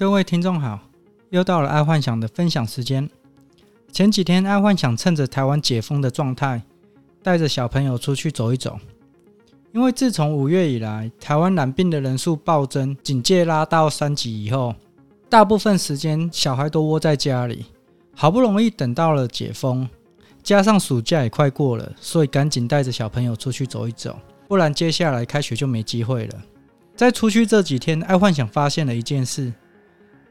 各位聽眾好，又到了愛幻想的分享時間。前幾天，愛幻想趁着台灣解封的狀態，帶着小朋友出去走一走。因為自從五月以來，台灣染病的人數暴增，警戒拉到三級以後，大部分時間小孩都窩在家裡。好不容易等到了解封，加上暑假也快過了，所以趕緊帶着小朋友出去走一走，不然接下來開學就沒機會了。在出去這幾天，愛幻想發現了一件事。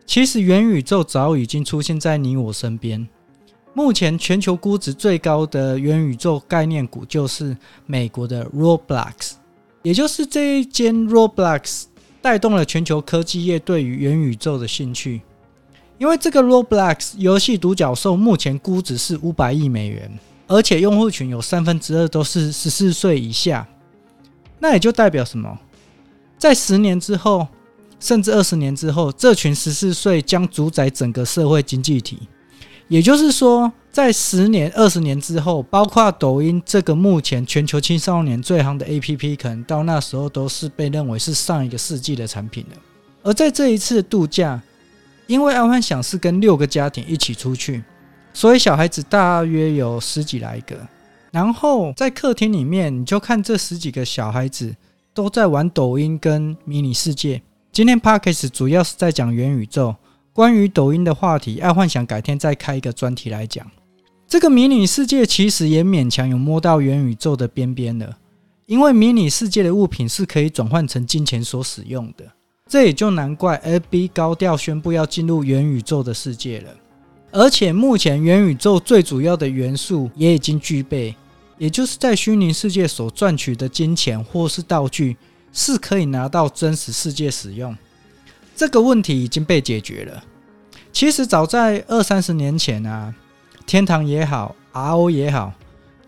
其實元宇宙早已經出現在你我身邊。目前全球估值最高的元宇宙概念股就是美國的 Roblox，也就是這一間 Roblox 帶動了全球科技業對於元宇宙的興趣。因為這個 Roblox 遊戲獨角獸目前估值是五百億美元，而且用戶群有三分之二都是十四歲以下。那也就代表什麼？在十年之後。甚至二十年之後，這群十四歲將主宰整個社會經濟體。也就是說，在十年、二十年之後，包括抖音這個目前全球青少年最夯的 APP，可能到那時候都是被認為是上一個世紀的產品了。而在這一次度假，因為阿幻想是跟六個家庭一起出去，所以小孩子大約有十幾來個。然後在客廳裡面，你就看這十幾個小孩子都在玩抖音跟迷你世界。今天 Podcast 主要是在講元宇宙，關於抖音的話題，愛幻想改天再開一個專題來講。這個迷你世界其實也勉強有摸到元宇宙的邊邊了，因為迷你世界的物品是可以轉換成金錢所使用的，這也就難怪 FB 高調宣布要進入元宇宙的世界了。而且目前元宇宙最主要的元素也已經具備，也就是在虛擬世界所賺取的金錢或是道具。是可以拿到真實世界使用，這個問題已經被解決了。其實早在二三十年前啊，天堂也好，RO 也好，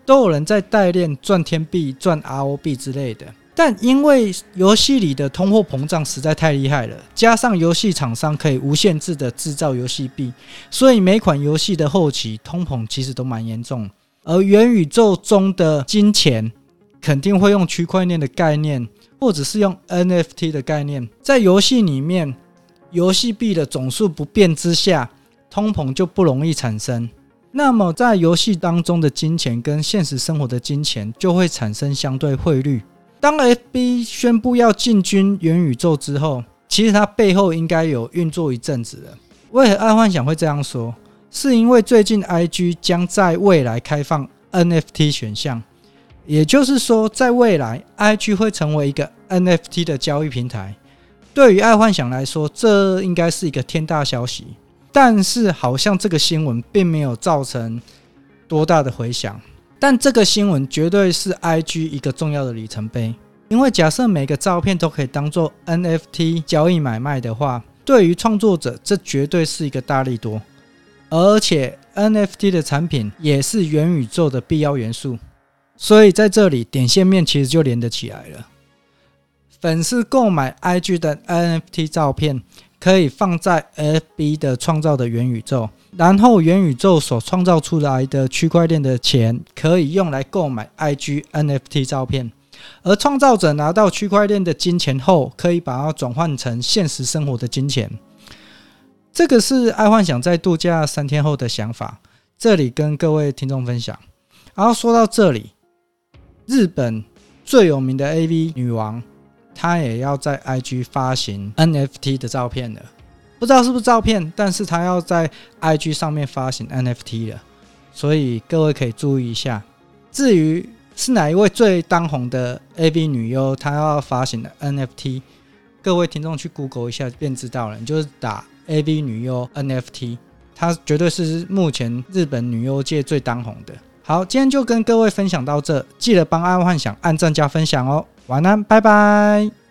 都有人在代練賺天幣、賺 RO 幣之類的。但因為遊戲裡的通貨膨脹實在太厲害了，加上遊戲廠商可以無限制的制造遊戲幣，所以每款遊戲的後期通膨其實都蠻嚴重。而元宇宙中的金錢肯定會用區塊鏈的概念。或者是用 NFT 的概念，在遊戲裡面，遊戲幣的總數不變之下，通膨就不容易產生。那麼，在遊戲當中的金錢跟現實生活的金錢就會產生相對匯率。當 FB 宣布要進軍元宇宙之後，其實它背後應該有運作一陣子了。為何愛幻想會這樣說？是因為最近 IG 將在未來開放 NFT 選項。也就是說，在未來，IG 會成為一個 NFT 的交易平台。對於愛幻想來說，這應該是一個天大消息。但是，好像這個新聞並沒有造成多大的回響。但這個新聞絕對是 IG 一個重要的里程碑，因為假設每個照片都可以當做 NFT 交易買賣的話，對於創作者，這絕對是一個大利多。而且，NFT 的產品也是元宇宙的必要元素。所以在這裡，點線面其實就連得起來了。粉絲購買 IG 的 NFT 照片，可以放在 FB 的創造的元宇宙，然後元宇宙所創造出來的區塊鏈的錢，可以用來購買 IG NFT 照片。而創造者拿到區塊鏈的金錢後，可以把它轉換成現實生活的金錢。這個是愛幻想在度假三天後的想法，這裡跟各位聽眾分享。然後說到這裡。日本最有名的 AV 女王，她也要在 IG 發行 NFT 的照片了。不知道是不是照片，但是她要在 IG 上面發行 NFT 了，所以各位可以注意一下。至於是哪一位最當紅的 AV 女優，她要發行的 NFT，各位聽眾去 Google 一下便知道了。你就是打 “AV 女優 NFT”，她絕對是目前日本女優界最當紅的。好，今天就跟各位分享到這，記得幫阿幻想按讚加分享哦，晚安，拜拜。